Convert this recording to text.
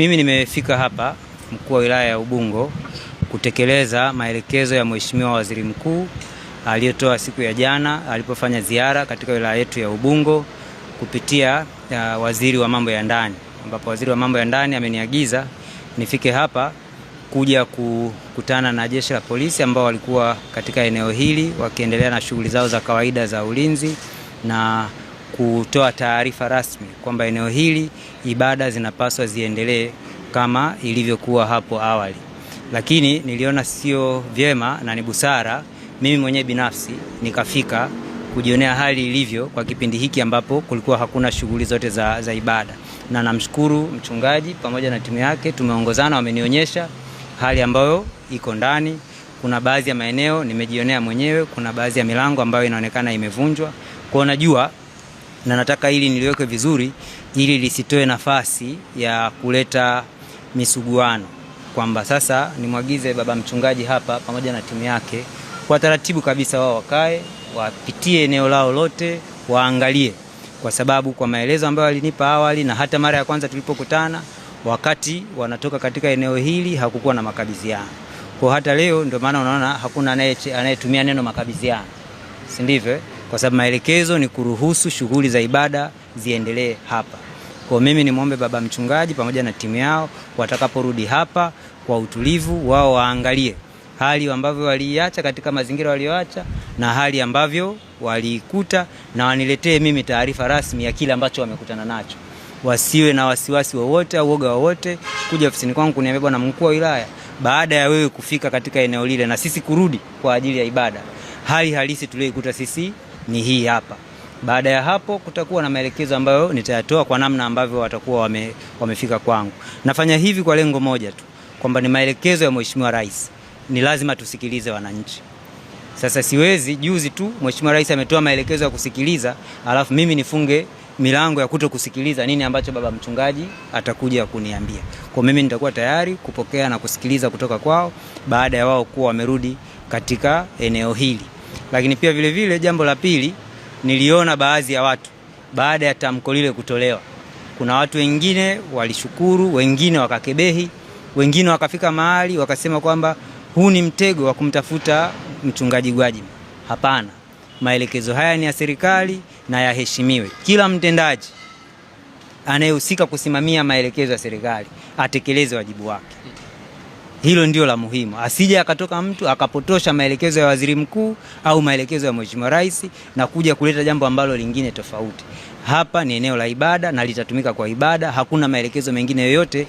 Mimi nimefika hapa mkuu wa wilaya ya Ubungo kutekeleza maelekezo ya Mheshimiwa Waziri Mkuu aliyotoa siku ya jana alipofanya ziara katika wilaya yetu ya Ubungo kupitia ya uh, waziri wa mambo ya ndani, ambapo waziri wa mambo ya ndani ameniagiza nifike hapa kuja kukutana na jeshi la polisi ambao walikuwa katika eneo hili wakiendelea na shughuli zao za kawaida za ulinzi na kutoa taarifa rasmi kwamba eneo hili ibada zinapaswa ziendelee kama ilivyokuwa hapo awali, lakini niliona sio vyema na ni busara mimi mwenyewe binafsi nikafika kujionea hali ilivyo kwa kipindi hiki ambapo kulikuwa hakuna shughuli zote za, za ibada, na namshukuru mchungaji pamoja na timu yake, tumeongozana wamenionyesha hali ambayo iko ndani. Kuna baadhi ya maeneo nimejionea mwenyewe, kuna baadhi ya milango ambayo inaonekana imevunjwa, kwa najua na nataka hili niliweke vizuri, ili lisitoe nafasi ya kuleta misuguano, kwamba sasa nimwagize baba mchungaji hapa pamoja na timu yake, kwa taratibu kabisa, wao wakae wapitie eneo lao lote, waangalie, kwa sababu kwa maelezo ambayo walinipa awali na hata mara ya kwanza tulipokutana, wakati wanatoka katika eneo hili hakukuwa na makabidhiano. Kwa hata leo ndio maana unaona hakuna anayetumia neno makabidhiano, si ndivyo? Eh? kwa sababu maelekezo ni kuruhusu shughuli za ibada ziendelee hapa. Kwa mimi ni muombe baba mchungaji pamoja na timu yao watakaporudi hapa kwa utulivu wao waangalie hali ambavyo waliiacha katika mazingira walioacha na hali ambavyo waliikuta, na waniletee mimi taarifa rasmi ya kile ambacho wamekutana nacho. Wasiwe na wasiwasi wowote au uoga wowote kuja ofisini kwangu kuniambia, bwana mkuu wa wilaya, baada ya wewe kufika katika eneo lile na sisi kurudi kwa ajili ya ibada, hali halisi tuliyoikuta sisi ni hii hapa. Baada ya hapo kutakuwa na maelekezo ambayo nitayatoa kwa namna ambavyo watakuwa wame, wamefika kwangu. Nafanya hivi kwa lengo moja tu kwamba ni maelekezo ya Mheshimiwa Rais, ni lazima tusikilize wananchi. Sasa siwezi, juzi tu Mheshimiwa Rais ametoa maelekezo ya kusikiliza, alafu mimi nifunge milango ya kuto kusikiliza nini ambacho baba mchungaji atakuja kuniambia. Kwa mimi nitakuwa tayari kupokea na kusikiliza kutoka kwao baada ya wao kuwa wamerudi katika eneo hili. Lakini pia vilevile vile, jambo la pili niliona baadhi ya watu baada ya tamko lile kutolewa, kuna watu wengine walishukuru, wengine wakakebehi, wengine wakafika mahali wakasema kwamba huu ni mtego wa kumtafuta mchungaji Gwajima. Hapana, maelekezo haya ni ya serikali na yaheshimiwe. Kila mtendaji anayehusika kusimamia maelekezo ya serikali atekeleze wajibu wake. Hilo ndio la muhimu, asije akatoka mtu akapotosha maelekezo ya waziri mkuu au maelekezo ya mheshimiwa rais na kuja kuleta jambo ambalo lingine tofauti. Hapa ni eneo la ibada na litatumika kwa ibada, hakuna maelekezo mengine yoyote.